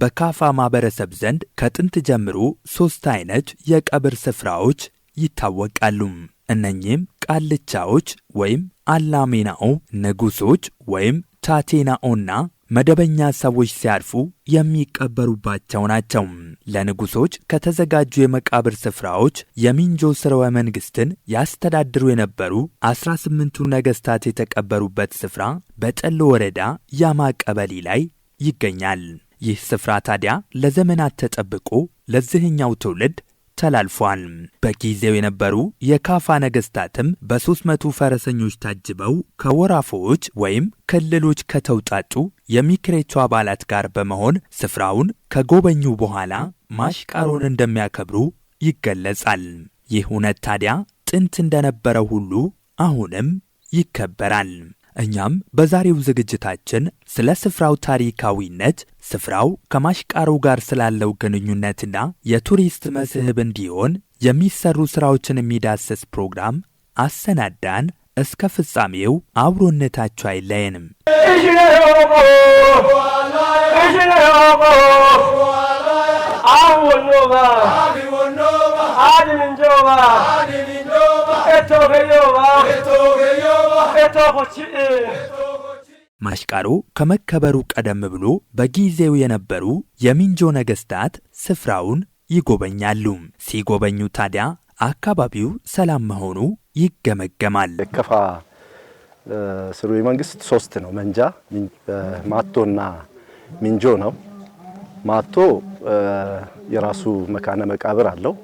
በካፋ ማህበረሰብ ዘንድ ከጥንት ጀምሮ ሶስት አይነት የቀብር ስፍራዎች ይታወቃሉ። እነኚህም ቃልቻዎች ወይም አላሜናኦ፣ ንጉሶች ወይም ታቴናኦና መደበኛ ሰዎች ሲያርፉ የሚቀበሩባቸው ናቸው። ለንጉሶች ከተዘጋጁ የመቃብር ስፍራዎች የሚንጆ ስርወ መንግስትን ያስተዳድሩ የነበሩ 18ቱ ነገስታት የተቀበሩበት ስፍራ በጨሎ ወረዳ ያማ ቀበሌ ላይ ይገኛል። ይህ ስፍራ ታዲያ ለዘመናት ተጠብቆ ለዚህኛው ትውልድ ተላልፏል። በጊዜው የነበሩ የካፋ ነገስታትም በሦስት መቶ ፈረሰኞች ታጅበው ከወራፎዎች ወይም ክልሎች ከተውጣጡ የሚክሬቹ አባላት ጋር በመሆን ስፍራውን ከጎበኙ በኋላ ማሽቃሮን እንደሚያከብሩ ይገለጻል። ይህ እውነት ታዲያ ጥንት እንደነበረው ሁሉ አሁንም ይከበራል። እኛም በዛሬው ዝግጅታችን ስለ ስፍራው ታሪካዊነት፣ ስፍራው ከማሽቃሮ ጋር ስላለው ግንኙነትና የቱሪስት መስህብ እንዲሆን የሚሰሩ ሥራዎችን የሚዳስስ ፕሮግራም አሰናዳን። እስከ ፍጻሜው አብሮነታችሁ አይለየንም። ማሽቃሩ ከመከበሩ ቀደም ብሎ በጊዜው የነበሩ የሚንጆ ነገስታት ስፍራውን ይጎበኛሉ። ሲጎበኙ ታዲያ አካባቢው ሰላም መሆኑ ይገመገማል። ከፋ ስሩ መንግስት ሶስት ነው። መንጃ፣ ማቶና ሚንጆ ነው። ማቶ የራሱ መካነ መቃብር አለው።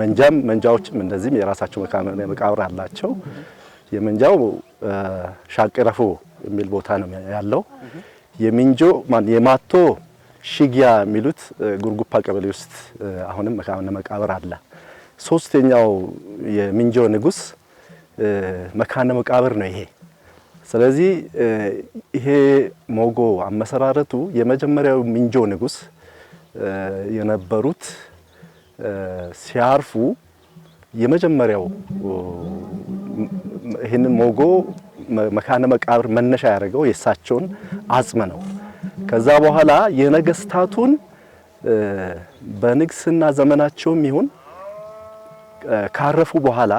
መንጃም መንጃዎችም እንደዚህም የራሳቸው መካነ መቃብር አላቸው። የምንጃው ሻቅረፉ የሚል ቦታ ነው ያለው። የሚንጆ የማቶ ሺጊያ የሚሉት ጉርጉፓ ቀበሌ ውስጥ አሁንም መካነ መቃብር አለ። ሶስተኛው የሚንጆ ንጉስ መካነ መቃብር ነው ይሄ። ስለዚህ ይሄ ሞጎ አመሰራረቱ የመጀመሪያው ሚንጆ ንጉስ የነበሩት ሲያርፉ የመጀመሪያው ይህንን ሞጎ መካነ መቃብር መነሻ ያደረገው የእሳቸውን አጽም ነው። ከዛ በኋላ የነገስታቱን በንግስና ዘመናቸውም ይሁን ካረፉ በኋላ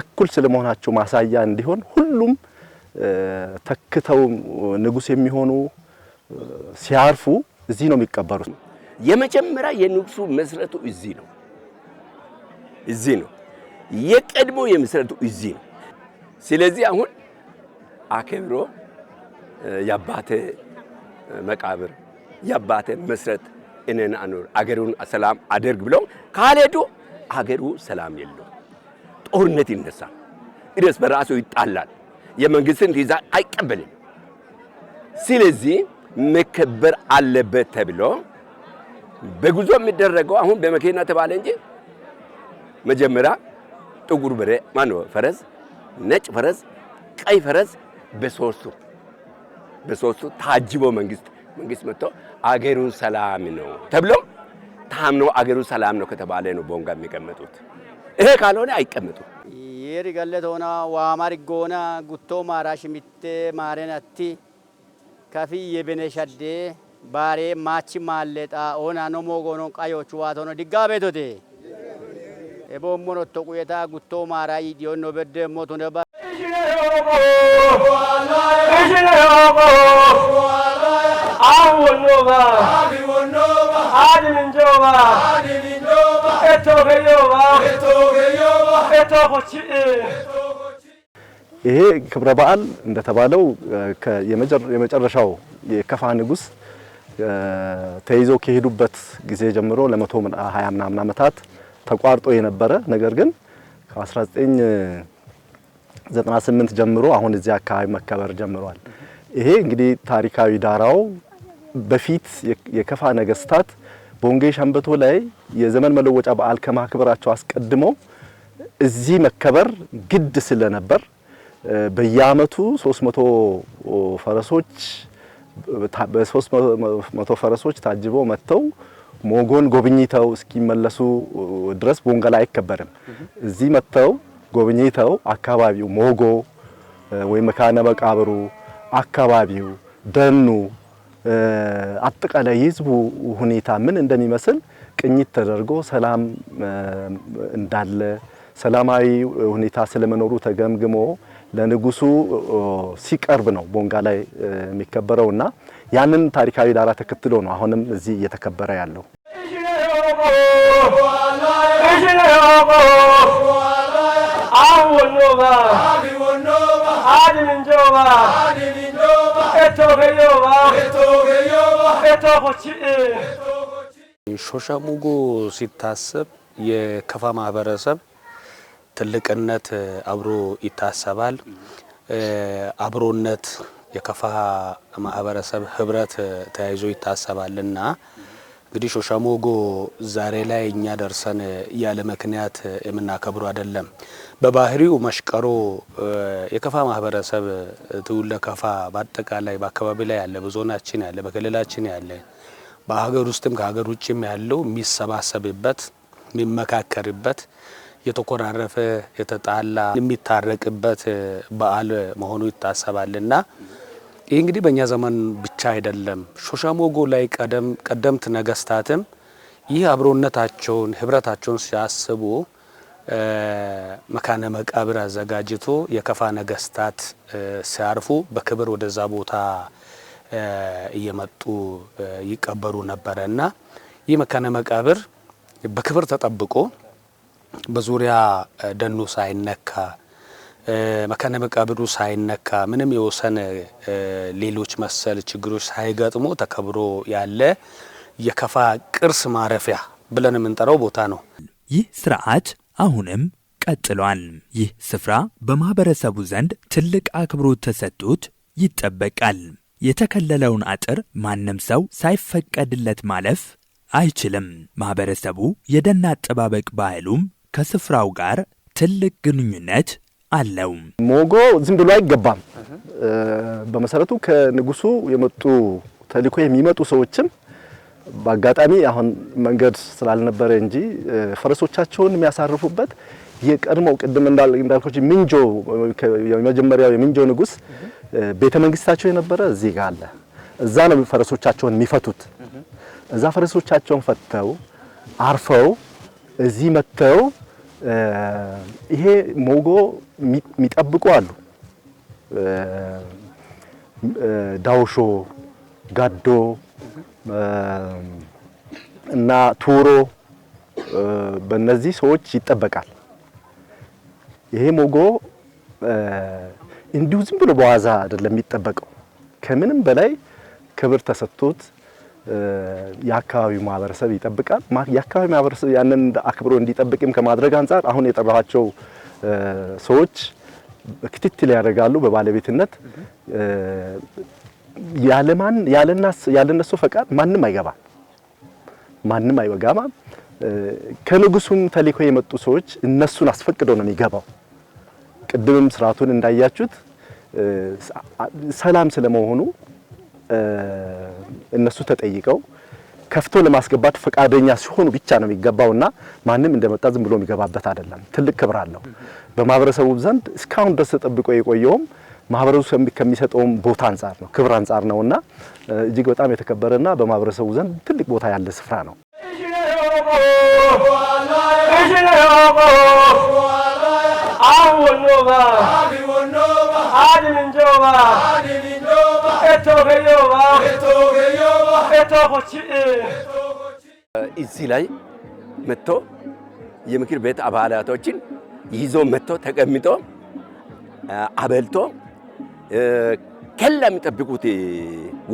እኩል ስለመሆናቸው ማሳያ እንዲሆን ሁሉም ተክተው ንጉስ የሚሆኑ ሲያርፉ እዚህ ነው የሚቀበሩት። የመጀመሪያ የንጉሱ መስረቱ እዚህ ነው እዚህ ነው። የቀድሞ የመሰረቱ እዚህ ነው። ስለዚህ አሁን አከብሮ የአባቴ መቃብር የአባቴ መስረት እኔን አኖር አገሩን ሰላም አደርግ ብለው ካልሄዱ አገሩ ሰላም የለው፣ ጦርነት ይነሳል፣ እርስ በራሱ ይጣላል፣ የመንግስትን ትእዛዝ አይቀበልም። ስለዚህ መከበር አለበት ተብሎ በጉዞ የሚደረገው አሁን በመኪና ተባለ እንጂ መጀመሪያ ጥጉር በሬ ማነው ፈረስ፣ ነጭ ፈረስ፣ ቀይ ፈረስ በሶስቱ በሶስቱ ታጅቦ መንግስት መንግስት መጥቶ አገሩ ሰላም ነው ተብሎ ታምኖ አገሩ ሰላም ነው ከተባለ ነው ቦንጋ የሚቀመጡት። ይሄ ካልሆነ አይቀመጡም። ገለት ሆና ዋማሪ ጎና ጉቶ ማራሽ ሽሚቴ ማረናቲ ከፊ የቤነሸዴ ባሬ ማቺ ማሌጣ ሆና ኖሞጎኖ ቃዮቹ ዋት ሆኖ ድጋ ቤቶቴ የበሞኖቶ ቁየታ ጉቶ ማራይ ዲዮኖ በደ ሞቶ ነባ ይሄ ክብረ በዓል እንደተባለው የመጨረሻው የከፋ ንጉሥ ተይዘው ከሄዱበት ጊዜ ጀምሮ ለመቶ ሃያ ምናምን ዓመታት ተቋርጦ የነበረ ነገር ግን ከ1998 ጀምሮ አሁን እዚህ አካባቢ መከበር ጀምሯል። ይሄ እንግዲህ ታሪካዊ ዳራው በፊት የከፋ ነገስታት በወንጌ ሸንበቶ ላይ የዘመን መለወጫ በዓል ከማክበራቸው አስቀድሞ እዚህ መከበር ግድ ስለነበር በየአመቱ 300 ፈረሶች በ300 ፈረሶች ታጅበው መጥተው ሞጎን ጎብኝተው እስኪመለሱ ድረስ ቦንጋላ አይከበርም። እዚህ መጥተው ጎብኝተው አካባቢው ሞጎ ወይ መካነ መቃብሩ አካባቢው ደኑ አጠቃላይ የህዝቡ ሁኔታ ምን እንደሚመስል ቅኝት ተደርጎ ሰላም እንዳለ ሰላማዊ ሁኔታ ስለመኖሩ ተገምግሞ ለንጉሱ ሲቀርብ ነው ቦንጋ ላይ የሚከበረውና ያንን ታሪካዊ ዳራ ተከትሎ ነው አሁንም እዚህ እየተከበረ ያለው። ሾሻሙጎ ሲታሰብ የከፋ ማህበረሰብ ትልቅነት አብሮ ይታሰባል። አብሮነት የከፋ ማህበረሰብ ህብረት ተያይዞ ይታሰባልና እንግዲህ ሾሸሞጎ ዛሬ ላይ እኛ ደርሰን ያለ ምክንያት የምናከብሩ አይደለም። በባህሪው መሽቀሮ የከፋ ማህበረሰብ ትውለ ከፋ በአጠቃላይ በአካባቢ ላይ ያለ በዞናችን ያለ በክልላችን ያለ በሀገር ውስጥም ከሀገር ውጭም ያለው የሚሰባሰብበት የሚመካከርበት የተኮራረፈ የተጣላ የሚታረቅበት በዓል መሆኑ ይታሰባልና ይህ እንግዲህ በእኛ ዘመን ብቻ አይደለም። ሾሻሞጎ ላይ ቀደምት ነገስታትም ይህ አብሮነታቸውን ህብረታቸውን ሲያስቡ መካነ መቃብር አዘጋጅቶ የከፋ ነገስታት ሲያርፉ በክብር ወደዛ ቦታ እየመጡ ይቀበሩ ነበረ እና ይህ መካነ መቃብር በክብር ተጠብቆ በዙሪያ ደኑ ሳይነካ መካነ መቃብሩ ሳይነካ ምንም የወሰን ሌሎች መሰል ችግሮች ሳይገጥሙ ተከብሮ ያለ የከፋ ቅርስ ማረፊያ ብለን የምንጠራው ቦታ ነው። ይህ ስርዓት አሁንም ቀጥሏል። ይህ ስፍራ በማህበረሰቡ ዘንድ ትልቅ አክብሮት ተሰጥቶት ይጠበቃል። የተከለለውን አጥር ማንም ሰው ሳይፈቀድለት ማለፍ አይችልም። ማህበረሰቡ የደን አጠባበቅ ባህሉም ከስፍራው ጋር ትልቅ ግንኙነት አለው። ሞጎ ዝም ብሎ አይገባም። በመሰረቱ ከንጉሱ የመጡ ተልእኮ የሚመጡ ሰዎችም በአጋጣሚ አሁን መንገድ ስላልነበረ እንጂ ፈረሶቻቸውን የሚያሳርፉበት የቀድሞው ቅድም እንዳልኮች ምንጆ የመጀመሪያው የምንጆ ንጉስ ቤተ መንግስታቸው የነበረ እዚህ ጋር አለ። እዛ ነው ፈረሶቻቸውን የሚፈቱት። እዛ ፈረሶቻቸውን ፈተው አርፈው እዚህ መጥተው ይሄ ሞጎ የሚጠብቁ አሉ። ዳውሾ፣ ጋዶ እና ቱሮ በእነዚህ ሰዎች ይጠበቃል። ይሄ ሞጎ እንዲሁ ዝም ብሎ በዋዛ አይደለም የሚጠበቀው። ከምንም በላይ ክብር ተሰጥቶት የአካባቢው ማህበረሰብ ይጠብቃል። የአካባቢ ማህበረሰብ ያንን አክብሮ እንዲጠብቅም ከማድረግ አንጻር አሁን የጠራኋቸው ሰዎች ክትትል ያደርጋሉ። በባለቤትነት ያለማን ያለነሱ ፈቃድ ማንም አይገባም፣ ማንም አይወጋማ። ከንጉሱም ተልእኮ የመጡ ሰዎች እነሱን አስፈቅደው ነው የሚገባው። ቅድምም ስርዓቱን እንዳያችሁት ሰላም ስለመሆኑ እነሱ ተጠይቀው ከፍቶ ለማስገባት ፈቃደኛ ሲሆኑ ብቻ ነው የሚገባውና ማንም እንደመጣ ዝም ብሎ የሚገባበት አይደለም። ትልቅ ክብር አለው። በማህበረሰቡ ዘንድ እስካሁን ድረስ ተጠብቆ የቆየውም ማህበረሰቡ ከሚሰጠውም ቦታ አንጻር ነው፣ ክብር አንጻር ነውና እጅግ በጣም የተከበረና በማህበረሰቡ ዘንድ ትልቅ ቦታ ያለ ስፍራ ነው። አዎ እዚህ ላይ መጥቶ የምክር ቤት አባላቶችን ይዞ መጥቶ ተቀምጦ አበልቶ ከላ የሚጠብቁት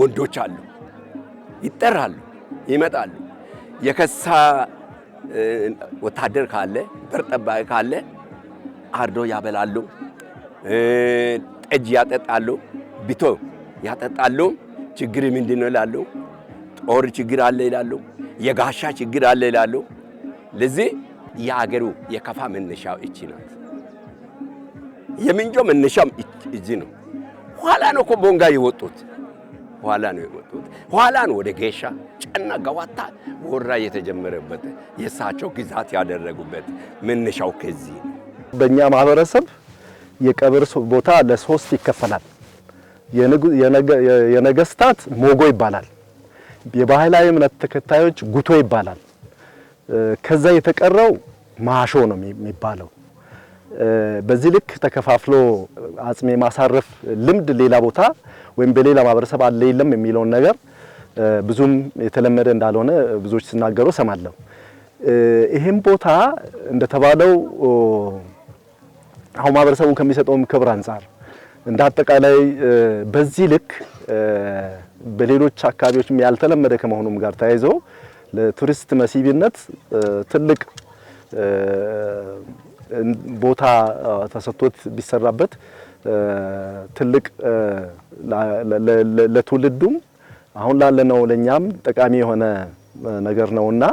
ወንዶች አሉ፣ ይጠራሉ፣ ይመጣሉ። የከሳ ወታደር ካለ በር ጠባቂ ካለ አርዶ ያበላሉ፣ ጠጅ ያጠጣሉ። ቢቶ ያጠጣሉ። ችግር ምንድን ነው ይላሉ። ጦር ችግር አለ ይላሉ። የጋሻ ችግር አለ ይላሉ። ለዚህ የአገሩ የከፋ መነሻው እቺ ናት። የምንጆ መነሻም እዚህ ነው። ኋላ ነው እኮ ቦንጋ የወጡት ኋላ ነው የወጡት። ኋላ ነው ወደ ጌሻ ጨና ገዋታ ወራ የተጀመረበት የእሳቸው ግዛት ያደረጉበት መነሻው ከዚህ። በእኛ ማህበረሰብ የቀብር ቦታ ለሶስት ይከፈላል። የነገስታት ሞጎ ይባላል። የባህላዊ እምነት ተከታዮች ጉቶ ይባላል። ከዛ የተቀረው ማሾ ነው የሚባለው። በዚህ ልክ ተከፋፍሎ አጽሜ ማሳረፍ ልምድ ሌላ ቦታ ወይም በሌላ ማህበረሰብ አለ የለም የሚለውን ነገር ብዙም የተለመደ እንዳልሆነ ብዙዎች ሲናገሩ ሰማለሁ። ይህም ቦታ እንደተባለው አሁን ማህበረሰቡን ከሚሰጠውም ክብር አንጻር እንደ አጠቃላይ በዚህ ልክ በሌሎች አካባቢዎችም ያልተለመደ ከመሆኑም ጋር ተያይዞ ለቱሪስት መስህብነት ትልቅ ቦታ ተሰጥቶት ቢሰራበት ትልቅ ለትውልዱም አሁን ላለነው ለኛም ጠቃሚ የሆነ ነገር ነውና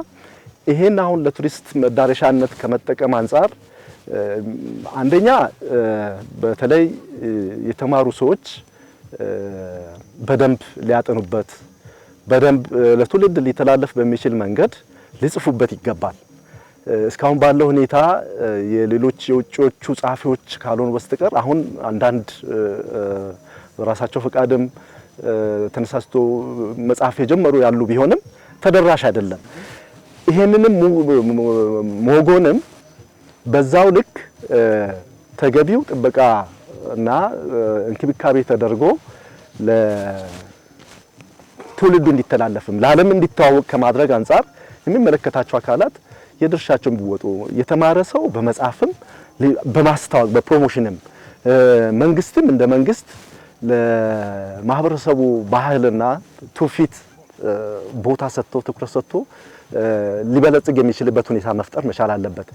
ይሄን አሁን ለቱሪስት መዳረሻነት ከመጠቀም አንጻር አንደኛ በተለይ የተማሩ ሰዎች በደንብ ሊያጠኑበት በደንብ ለትውልድ ሊተላለፍ በሚችል መንገድ ሊጽፉበት ይገባል። እስካሁን ባለው ሁኔታ የሌሎች የውጭዎቹ ጸሐፊዎች ካልሆኑ በስተቀር አሁን አንዳንድ በራሳቸው ፈቃድም ተነሳስቶ መጽሐፍ የጀመሩ ያሉ ቢሆንም ተደራሽ አይደለም። ይሄንንም ሞጎንም በዛው ልክ ተገቢው ጥበቃ እና እንክብካቤ ተደርጎ ለትውልዱ እንዲተላለፍም ለዓለም እንዲተዋወቅ ከማድረግ አንጻር የሚመለከታቸው አካላት የድርሻቸውን ቢወጡ የተማረ ሰው በመጻፍም በማስታወቅ በፕሮሞሽንም መንግስትም እንደ መንግስት ለማህበረሰቡ ባህልና ትውፊት ቦታ ሰጥቶ ትኩረት ሰጥቶ ሊበለጽግ የሚችልበት ሁኔታ መፍጠር መቻል አለበት።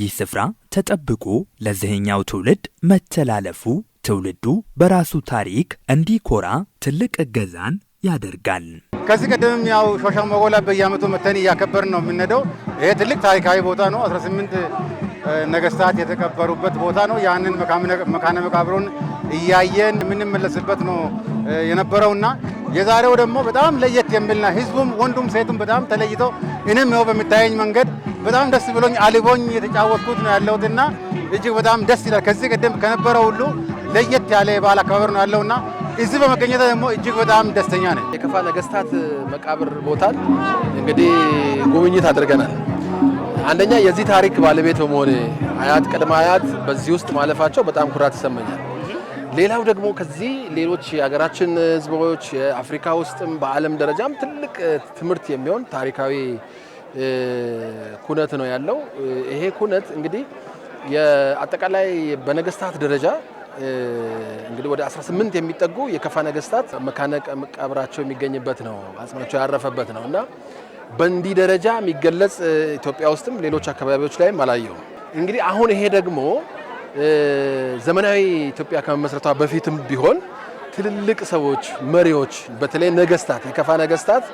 ይህ ስፍራ ተጠብቆ ለዚህኛው ትውልድ መተላለፉ ትውልዱ በራሱ ታሪክ እንዲኮራ ትልቅ እገዛን ያደርጋል። ከዚህ ቀደምም ያው ሾሻ መጎላ በየአመቱ መተን እያከበር ነው የምንሄደው። ይሄ ትልቅ ታሪካዊ ቦታ ነው። 18 ነገስታት የተቀበሩበት ቦታ ነው። ያንን መካነ መቃብሩን እያየን የምንመለስበት ነው የነበረውና የዛሬው ደግሞ በጣም ለየት የሚልና ህዝቡም ወንዱም ሴቱም በጣም ተለይቶ እኔም ነው በሚታየኝ መንገድ በጣም ደስ ብሎኝ አልቦኝ የተጫወትኩት ነው ያለሁትና እጅግ በጣም ደስ ይላል። ከዚህ ቀደም ከነበረው ሁሉ ለየት ያለ የበዓል አከባበር ነው ያለውና እዚህ በመገኘት ደግሞ እጅግ በጣም ደስተኛ ነኝ። የከፋ ነገስታት መቃብር ቦታን እንግዲህ ጉብኝት አድርገናል። አንደኛ የዚህ ታሪክ ባለቤት በመሆኔ አያት ቅድመ አያት በዚህ ውስጥ ማለፋቸው በጣም ኩራት ይሰማኛል። ሌላው ደግሞ ከዚህ ሌሎች የሀገራችን ህዝቦች የአፍሪካ ውስጥም በዓለም ደረጃም ትልቅ ትምህርት የሚሆን ታሪካዊ ኩነት ነው ያለው። ይሄ ኩነት እንግዲህ አጠቃላይ በነገስታት ደረጃ እንግዲህ ወደ 18 የሚጠጉ የከፋ ነገስታት መካነ መቃብራቸው የሚገኝበት ነው፣ አጽማቸው ያረፈበት ነው እና በእንዲህ ደረጃ የሚገለጽ ኢትዮጵያ ውስጥም ሌሎች አካባቢዎች ላይም አላየውም። እንግዲህ አሁን ይሄ ደግሞ ዘመናዊ ኢትዮጵያ ከመመስረቷ በፊትም ቢሆን ትልልቅ ሰዎች፣ መሪዎች፣ በተለይ ነገስታት፣ የከፋ ነገስታት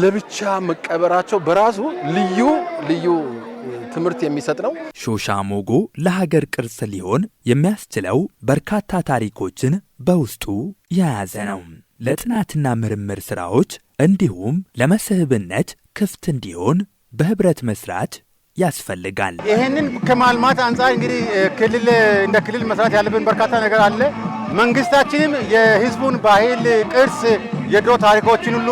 ለብቻ መቀበራቸው በራሱ ልዩ ልዩ ትምህርት የሚሰጥ ነው። ሾሻ ሞጎ ለሀገር ቅርስ ሊሆን የሚያስችለው በርካታ ታሪኮችን በውስጡ የያዘ ነው። ለጥናትና ምርምር ሥራዎች እንዲሁም ለመስህብነት ክፍት እንዲሆን በህብረት መስራት ያስፈልጋል። ይህንን ከማልማት አንጻር እንግዲህ ክልል እንደ ክልል መስራት ያለብን በርካታ ነገር አለ። መንግስታችንም የህዝቡን ባህል፣ ቅርስ፣ የድሮ ታሪኮችን ሁሉ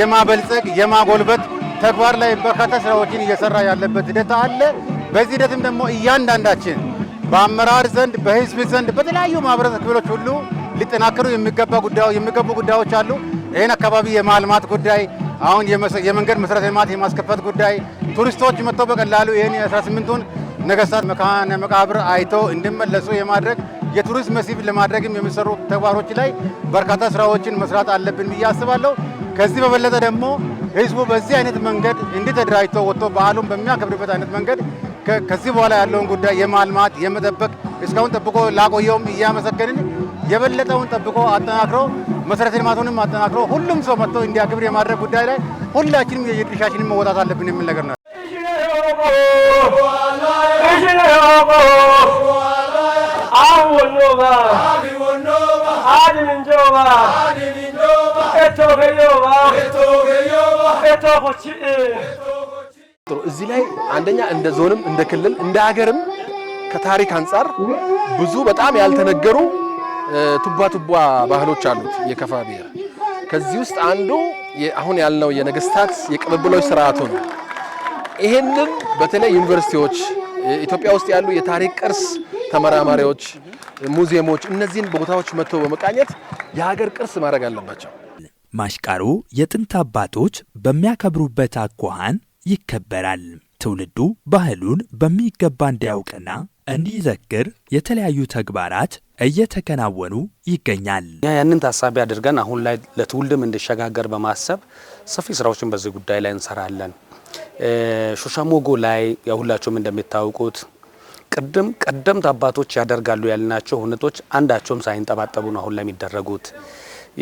የማበልጸግ የማጎልበት ተግባር ላይ በርካታ ስራዎችን እየሰራ ያለበት ሂደት አለ። በዚህ ሂደትም ደግሞ እያንዳንዳችን በአመራር ዘንድ በህዝብ ዘንድ በተለያዩ ማህበረሰብ ክፍሎች ሁሉ ሊጠናከሩ የሚገባ ጉዳዮች የሚገቡ ጉዳዮች አሉ። ይህን አካባቢ የማልማት ጉዳይ አሁን የመንገድ መሰረተ ልማት የማስከፈት ጉዳይ ቱሪስቶች መጥተው በቀላሉ ይህን የ18ቱን ነገስታት መካነ መቃብር አይቶ እንዲመለሱ የማድረግ የቱሪስት መስህብ ለማድረግም የሚሰሩ ተግባሮች ላይ በርካታ ስራዎችን መስራት አለብን ብዬ አስባለሁ። ከዚህ በበለጠ ደግሞ ህዝቡ በዚህ አይነት መንገድ እንዲተደራጅቶ ወጥቶ በዓሉን በሚያከብርበት አይነት መንገድ ከዚህ በኋላ ያለውን ጉዳይ የማልማት የመጠበቅ እስካሁን ጠብቆ ላቆየውም እያመሰገንን የበለጠውን ጠብቆ አጠናክሮ መሰረተ ልማቱንም አጠናክሮ ሁሉም ሰው መጥቶ ክብር የማድረግ ጉዳይ ላይ ሁላችንም የድርሻችንን መወጣት አለብን የሚል ነገር ነው። እዚህ ላይ አንደኛ እንደ ዞንም እንደ ክልል እንደ ሀገርም ከታሪክ አንጻር ብዙ በጣም ያልተነገሩ ቱባ ቱባ ባህሎች አሉት የከፋ ብሔር። ከዚህ ውስጥ አንዱ አሁን ያልነው የነገስታት የቅብብሎች ስርዓቱ ነው። ይሄንን በተለይ ዩኒቨርሲቲዎች፣ ኢትዮጵያ ውስጥ ያሉ የታሪክ ቅርስ ተመራማሪዎች፣ ሙዚየሞች እነዚህን ቦታዎች መጥቶ በመቃኘት የሀገር ቅርስ ማድረግ አለባቸው። ማሽቃሩ የጥንት አባቶች በሚያከብሩበት አኳኋን ይከበራል። ትውልዱ ባህሉን በሚገባ እንዲያውቅና እንዲዘክር የተለያዩ ተግባራት እየተከናወኑ ይገኛል። ያንን ታሳቢ አድርገን አሁን ላይ ለትውልድም እንዲሸጋገር በማሰብ ሰፊ ስራዎችን በዚህ ጉዳይ ላይ እንሰራለን። ሾሻሞጎ ላይ የሁላችሁም እንደሚታወቁት ቅድም ቀደምት አባቶች ያደርጋሉ ያልናቸው ሁነቶች አንዳቸውም ሳይንጠባጠቡ ነው አሁን ላይ የሚደረጉት።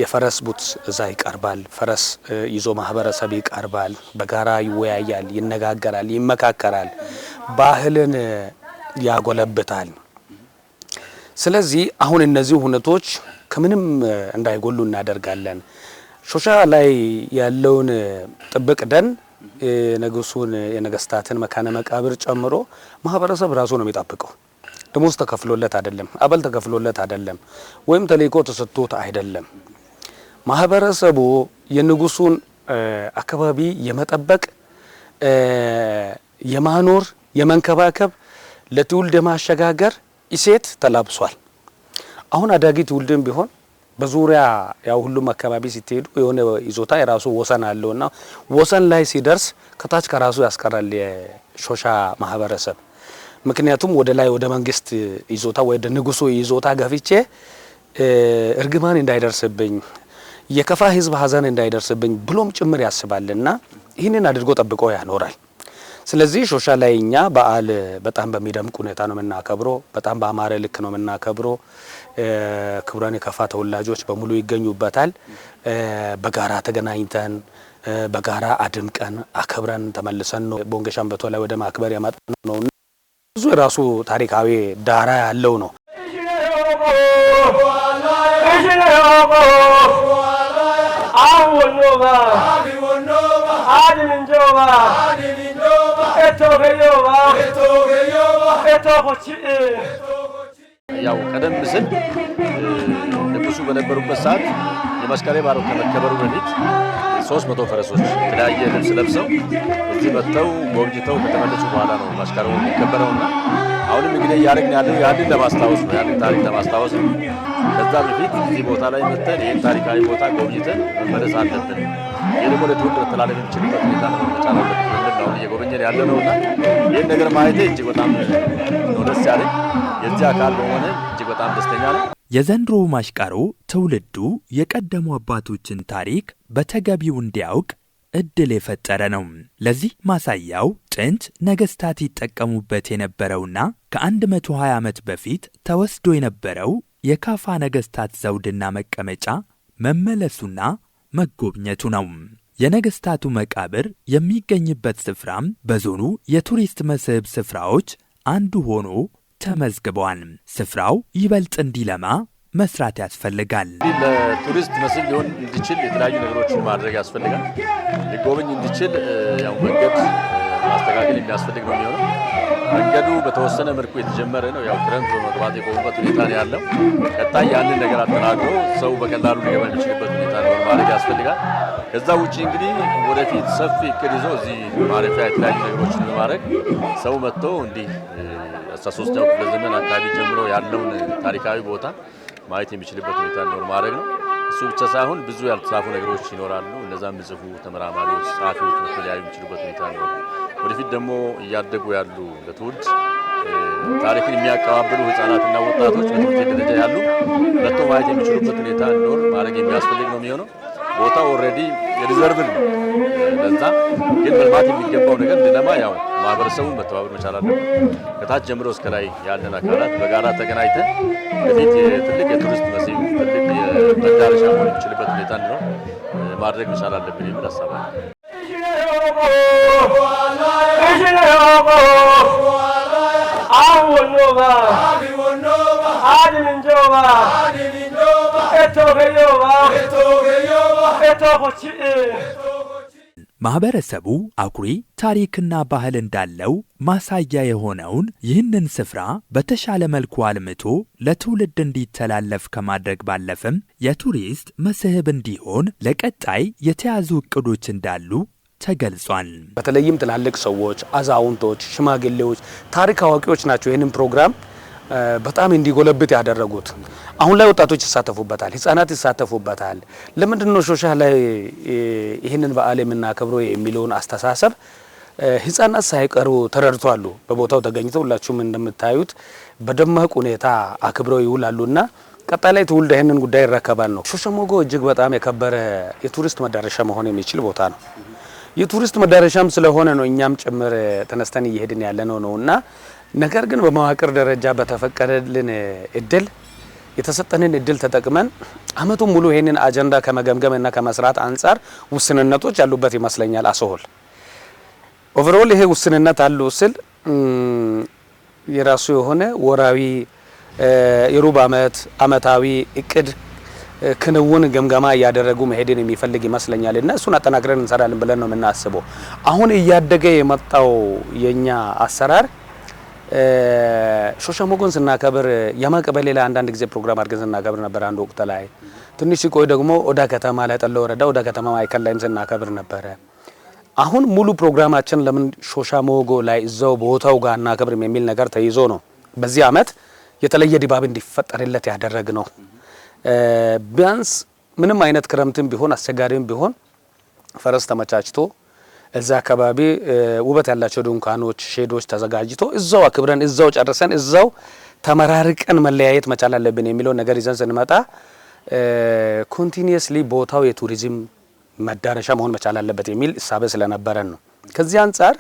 የፈረስ ቡት እዛ ይቀርባል። ፈረስ ይዞ ማህበረሰብ ይቀርባል። በጋራ ይወያያል፣ ይነጋገራል፣ ይመካከራል፣ ባህልን ያጎለብታል። ስለዚህ አሁን እነዚህ ሁነቶች ከምንም እንዳይጎሉ እናደርጋለን። ሾሻ ላይ ያለውን ጥብቅ ደን የንጉሱን የነገስታትን መካነ መቃብር ጨምሮ ማህበረሰብ ራሱ ነው የሚጠብቀው። ደሞዝ ተከፍሎለት አይደለም፣ አበል ተከፍሎለት አይደለም፣ ወይም ተልእኮ ተሰጥቶት አይደለም። ማህበረሰቡ የንጉሱን አካባቢ የመጠበቅ የማኖር፣ የመንከባከብ፣ ለትውልድ የማሸጋገር እሴት ተላብሷል። አሁን አዳጊ ትውልድም ቢሆን በዙሪያ ያው ሁሉም አካባቢ ሲትሄዱ የሆነ ይዞታ የራሱ ወሰን አለውና ወሰን ላይ ሲደርስ ከታች ከራሱ ያስቀራል የሾሻ ማህበረሰብ። ምክንያቱም ወደ ላይ ወደ መንግስት ይዞታ ወደ ንጉሱ ይዞታ ገፍቼ እርግማን እንዳይደርስብኝ የከፋ ህዝብ ሀዘን እንዳይደርስብኝ ብሎም ጭምር ያስባልና ይህንን አድርጎ ጠብቆ ያኖራል። ስለዚህ ሾሻ ላይ እኛ በዓል በጣም በሚደምቅ ሁኔታ ነው የምናከብሮ፣ በጣም በአማረ ልክ ነው የምናከብሮ። ክቡራን የከፋ ተወላጆች በሙሉ ይገኙበታል። በጋራ ተገናኝተን በጋራ አድምቀን አከብረን ተመልሰን ነው ቦንጌ ሸምበቶ ላይ ወደ ማክበር ያመጣ ነው። ብዙ የራሱ ታሪካዊ ዳራ ያለው ነው። አዎ ያው ቀደም ሲል ንጉሱ በነበሩበት ሰዓት የመስቀሌ ባሮ ከመከበሩ በፊት ሶስት መቶ ፈረሶች የተለያየ ልብስ ለብሰው እዚህ መጥተው ጎብኝተው ከተመለሱ በኋላ ነው ማሽከሩ የሚከበረውና አሁንም እንግዲህ እያደረግን ያለው ያንን ለማስታወስ ነው፣ ያንን ታሪክ ለማስታወስ ነው። ከዛ በፊት እዚህ ቦታ ላይ መጥተን ይህን ታሪካዊ ቦታ ጎብኝተን መመለስ አለብን። ይህ ደግሞ ለትውልድ መተላለፍ የሚችልበት ሁኔታ ነው መቻል እየጎበኘን ያለ ነው እና ይህን ነገር ማየቴ እጅግ በጣም ነው ደስ ያለኝ። የዚህ አካል በሆነ እጅግ በጣም ደስተኛ ነው። የዘንድሮ ማሽቃሮ ትውልዱ የቀደሙ አባቶችን ታሪክ በተገቢው እንዲያውቅ እድል የፈጠረ ነው። ለዚህ ማሳያው ጥንት ነገስታት ይጠቀሙበት የነበረውና ከ120 ዓመት በፊት ተወስዶ የነበረው የካፋ ነገስታት ዘውድና መቀመጫ መመለሱና መጎብኘቱ ነው። የነገሥታቱ መቃብር የሚገኝበት ስፍራም በዞኑ የቱሪስት መስህብ ስፍራዎች አንዱ ሆኖ ተመዝግበዋል። ስፍራው ይበልጥ እንዲለማ መስራት ያስፈልጋል። ለቱሪስት መስህብ ሊሆን እንዲችል የተለያዩ ነገሮችን ማድረግ ያስፈልጋል። ሊጎበኝ እንዲችል ያው መንገድ ማስተካከል የሚያስፈልግ ነው የሚሆነው። መንገዱ በተወሰነ መልኩ የተጀመረ ነው። ያው ክረምት በመግባት የቆሙበት ሁኔታ ነው ያለው። ቀጣይ ያንን ነገር አጠናክሮ ሰው በቀላሉ ሊገባ የሚችልበት ሁኔታ ነው ማድረግ ያስፈልጋል። ከዛ ውጭ እንግዲህ ወደፊት ሰፊ እቅድ ይዞ እዚህ ማረፊያ የተለያዩ ነገሮችን በማድረግ ሰው መጥቶ እንዲህ አስራ ሶስተኛው ክፍለ ዘመን አካባቢ ጀምሮ ያለውን ታሪካዊ ቦታ ማየት የሚችልበት ሁኔታ እንዲኖር ማድረግ ነው። እሱ ብቻ ሳይሆን ብዙ ያልተጻፉ ነገሮች ይኖራሉ። እነዛ ምጽፉ ተመራማሪዎች፣ ጸሐፊዎች መተለያዩ የሚችሉበት ሁኔታ ነው። ወደፊት ደግሞ እያደጉ ያሉ ለትውልድ ታሪክን የሚያቀባብሉ ህጻናትና ወጣቶች በትምህርት ደረጃ ያሉ መጥቶ ማየት የሚችሉበት ሁኔታ እንዲኖር ማድረግ የሚያስፈልግ ነው የሚሆነው። ቦታው ኦልሬዲ የሪዘርቭ ነው። ለዛ ግን መልማት የሚገባው ነገር እንድለማ ያው ማህበረሰቡ መተባበር መቻል አለበት። ከታች ጀምሮ እስከ ላይ ያለን አካላት በጋራ ተገናኝተን በፊት ትልቅ የቱሪስት መስህብ ትልቅ መዳረሻ መሆን የሚችልበት ሁኔታ እንዲኖር ማድረግ መቻል አለብን የሚል ሀሳብ አለ። ማህበረሰቡ አኩሪ ታሪክና ባህል እንዳለው ማሳያ የሆነውን ይህንን ስፍራ በተሻለ መልኩ አልምቶ ለትውልድ እንዲተላለፍ ከማድረግ ባለፈም የቱሪስት መስህብ እንዲሆን ለቀጣይ የተያዙ እቅዶች እንዳሉ ተገልጿል። በተለይም ትላልቅ ሰዎች፣ አዛውንቶች፣ ሽማግሌዎች፣ ታሪክ አዋቂዎች ናቸው ይህንን ፕሮግራም በጣም እንዲጎለብት ያደረጉት አሁን ላይ ወጣቶች ይሳተፉበታል፣ ህጻናት ይሳተፉበታል። ለምንድን ነው ሾሻ ላይ ይህንን በዓል የምናከብረው የሚለውን አስተሳሰብ ህጻናት ሳይቀሩ ተረድቷሉ። በቦታው ተገኝተው ሁላችሁም እንደምታዩት በደማቅ ሁኔታ አክብረው ይውላሉና ቀጣይ ላይ ትውልድ ይህንን ጉዳይ ይረከባል ነው። ሾሸሞጎ እጅግ በጣም የከበረ የቱሪስት መዳረሻ መሆን የሚችል ቦታ ነው። የቱሪስት መዳረሻም ስለሆነ ነው እኛም ጭምር ተነስተን እየሄድን ያለ ነው ነውና ነገር ግን በመዋቅር ደረጃ በተፈቀደልን እድል የተሰጠንን እድል ተጠቅመን አመቱን ሙሉ ይህንን አጀንዳ ከመገምገም እና ከመስራት አንጻር ውስንነቶች ያሉበት ይመስለኛል። አሶሆል ኦቨርኦል ይሄ ውስንነት አሉ ስል የራሱ የሆነ ወራዊ፣ የሩብ አመት፣ አመታዊ እቅድ ክንውን፣ ግምገማ እያደረጉ መሄድን የሚፈልግ ይመስለኛል እና እሱን አጠናክረን እንሰራለን ብለን ነው የምናስበው። አሁን እያደገ የመጣው የኛ አሰራር ሾሸሞጎን ስናከብር የማ ላይ አንዳንድ ጊዜ ፕሮግራም አድርገን ስናከብር ነበር። አንድ ወቅት ላይ ትንሽ ሲቆይ ደግሞ ኦዳ ከተማ ላይ ጠለ ወረዳ ኦዳ ከተማ ማዕከል ላይም ስናከብር ነበረ። አሁን ሙሉ ፕሮግራማችን ለምን ሾሻሞጎ ላይ እዛው ቦታው ጋር እናከብርም የሚል ነገር ተይዞ ነው በዚህ አመት የተለየ ድባብ እንዲፈጠርለት ያደረግ ነው። ቢያንስ ምንም አይነት ክረምትም ቢሆን አስቸጋሪም ቢሆን ፈረስ ተመቻችቶ እዛ አካባቢ ውበት ያላቸው ድንኳኖች፣ ሼዶች ተዘጋጅቶ እዛው አክብረን እዛው ጨርሰን እዛው ተመራርቀን መለያየት መቻል አለብን የሚለው ነገር ይዘን ስንመጣ ኮንቲኒየስሊ ቦታው የቱሪዝም መዳረሻ መሆን መቻል አለበት የሚል እሳቤ ስለነበረን ነው። ከዚህ አንጻር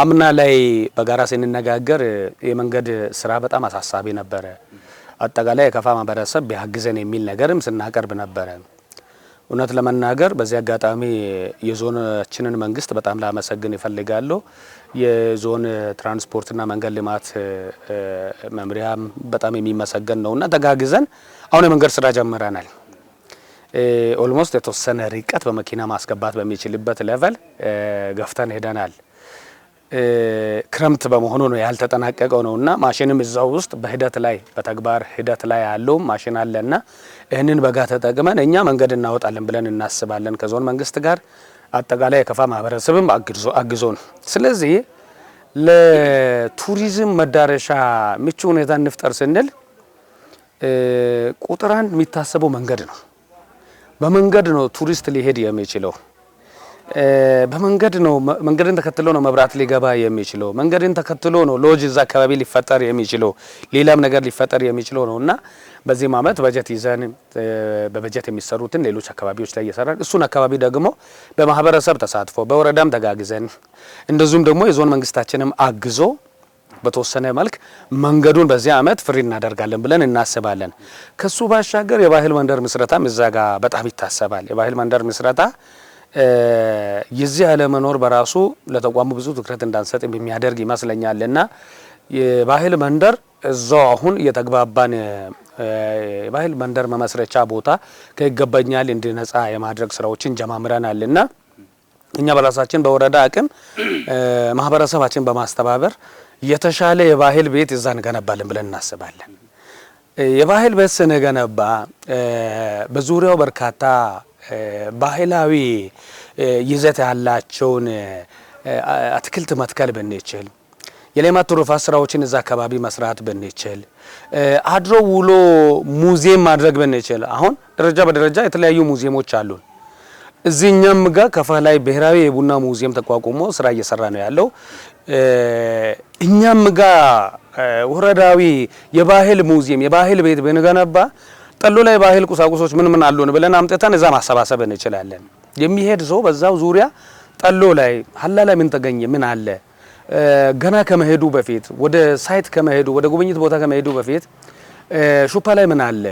አምና ላይ በጋራ ስንነጋገር የመንገድ ስራ በጣም አሳሳቢ ነበረ። አጠቃላይ የከፋ ማህበረሰብ ቢያግዘን የሚል ነገርም ስናቀርብ ነበረ። እውነት ለመናገር በዚህ አጋጣሚ የዞናችንን መንግስት በጣም ላመሰግን ይፈልጋሉ። የዞን ትራንስፖርትና መንገድ ልማት መምሪያም በጣም የሚመሰገን እና ተጋግዘን አሁን የመንገድ ስራ ጀምረናል። ኦልሞስት የተወሰነ ርቀት በመኪና ማስገባት በሚችልበት ሌቨል ገፍተን ሄደናል። ክረምት በመሆኑ ነው ያልተጠናቀቀው ነው እና ማሽንም እዛው ውስጥ በሂደት ላይ በተግባር ሂደት ላይ ያለው ማሽን እና ይህንን በጋ ተጠቅመን እኛ መንገድ እናወጣለን ብለን እናስባለን ከዞን መንግስት ጋር አጠቃላይ የከፋ ማህበረሰብም አግዞ አግዞን። ስለዚህ ለቱሪዝም መዳረሻ ምቹ ሁኔታ እንፍጠር ስንል ቁጥራን የሚታሰበው መንገድ ነው። በመንገድ ነው ቱሪስት ሊሄድ የሚችለው። በመንገድ ነው መንገድን ተከትሎ ነው መብራት ሊገባ የሚችለው። መንገድን ተከትሎ ነው ሎጅ እዛ አካባቢ ሊፈጠር የሚችለው ሌላም ነገር ሊፈጠር የሚችለው ነው እና በዚህም ዓመት በጀት ይዘን በበጀት የሚሰሩትን ሌሎች አካባቢዎች ላይ እየሰራን እሱን አካባቢ ደግሞ በማህበረሰብ ተሳትፎ በወረዳም ተጋግዘን እንደዚሁም ደግሞ የዞን መንግስታችንም አግዞ በተወሰነ መልክ መንገዱን በዚህ ዓመት ፍሪ እናደርጋለን ብለን እናስባለን። ከሱ ባሻገር የባህል መንደር ምስረታም እዛ ጋር በጣም ይታሰባል። የባህል መንደር ምስረታ የዚህ አለመኖር በራሱ ለተቋሙ ብዙ ትኩረት እንዳንሰጥ የሚያደርግ ይመስለኛል እና የባህል መንደር እዛው አሁን እየተግባባን የባህል መንደር መመስረቻ ቦታ ከይገባኛል እንዲነጻ የማድረግ ስራዎችን ጀማምረናል እና እኛ በራሳችን በወረዳ አቅም ማህበረሰባችን በማስተባበር የተሻለ የባህል ቤት እዛ እንገነባለን ብለን እናስባለን። የባህል ቤት ስንገነባ በዙሪያው በርካታ ባህላዊ ይዘት ያላቸውን አትክልት መትከል ብንችል የሌማት ትሩፋት ስራዎችን እዛ አካባቢ መስራት ብንችል አድሮ ውሎ ሙዚየም ማድረግ ብንችል አሁን ደረጃ በደረጃ የተለያዩ ሙዚየሞች አሉን። እዚህኛም ጋር ከፋ ላይ ብሔራዊ የቡና ሙዚየም ተቋቁሞ ስራ እየሰራ ነው ያለው። እኛም ጋር ወረዳዊ የባህል ሙዚየም የባህል ቤት ብንገነባ ጠሎ ላይ ባህል ቁሳቁሶች ምን ምን አሉን ብለን አምጥተን እዛ ማሰባሰብ እንችላለን። የሚሄድ ሰው በዛው ዙሪያ ጠሎ ላይ ሀላ ላይ ምን ተገኘ ምን አለ ገና ከመሄዱ በፊት ወደ ሳይት ከመሄዱ ወደ ጉብኝት ቦታ ከመሄዱ በፊት ሹፓ ላይ ምን አለ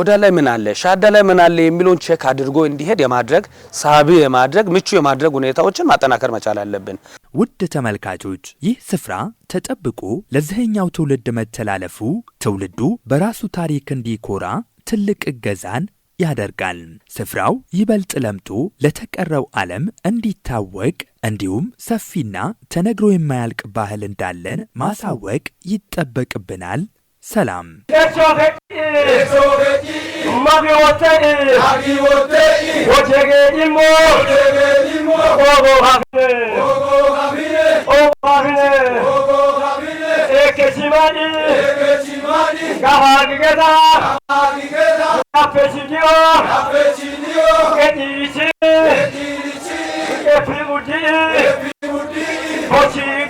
ኦዳ ላይ ምን አለ ሻዳ ላይ ምን አለ የሚለውን ቼክ አድርጎ እንዲሄድ የማድረግ ሳቢ የማድረግ ምቹ የማድረግ ሁኔታዎችን ማጠናከር መቻል አለብን። ውድ ተመልካቾች፣ ይህ ስፍራ ተጠብቆ ለዚህኛው ትውልድ መተላለፉ ትውልዱ በራሱ ታሪክ እንዲኮራ ትልቅ እገዛን ያደርጋል። ስፍራው ይበልጥ ለምቶ ለተቀረው ዓለም እንዲታወቅ እንዲሁም ሰፊና ተነግሮ የማያልቅ ባህል እንዳለን ማሳወቅ ይጠበቅብናል سلام ما في وتئي وجهك المو وابو غفير وابو غفير 에케지마니 가하기게다 앞에지니오 에디리치 에프리무디 버치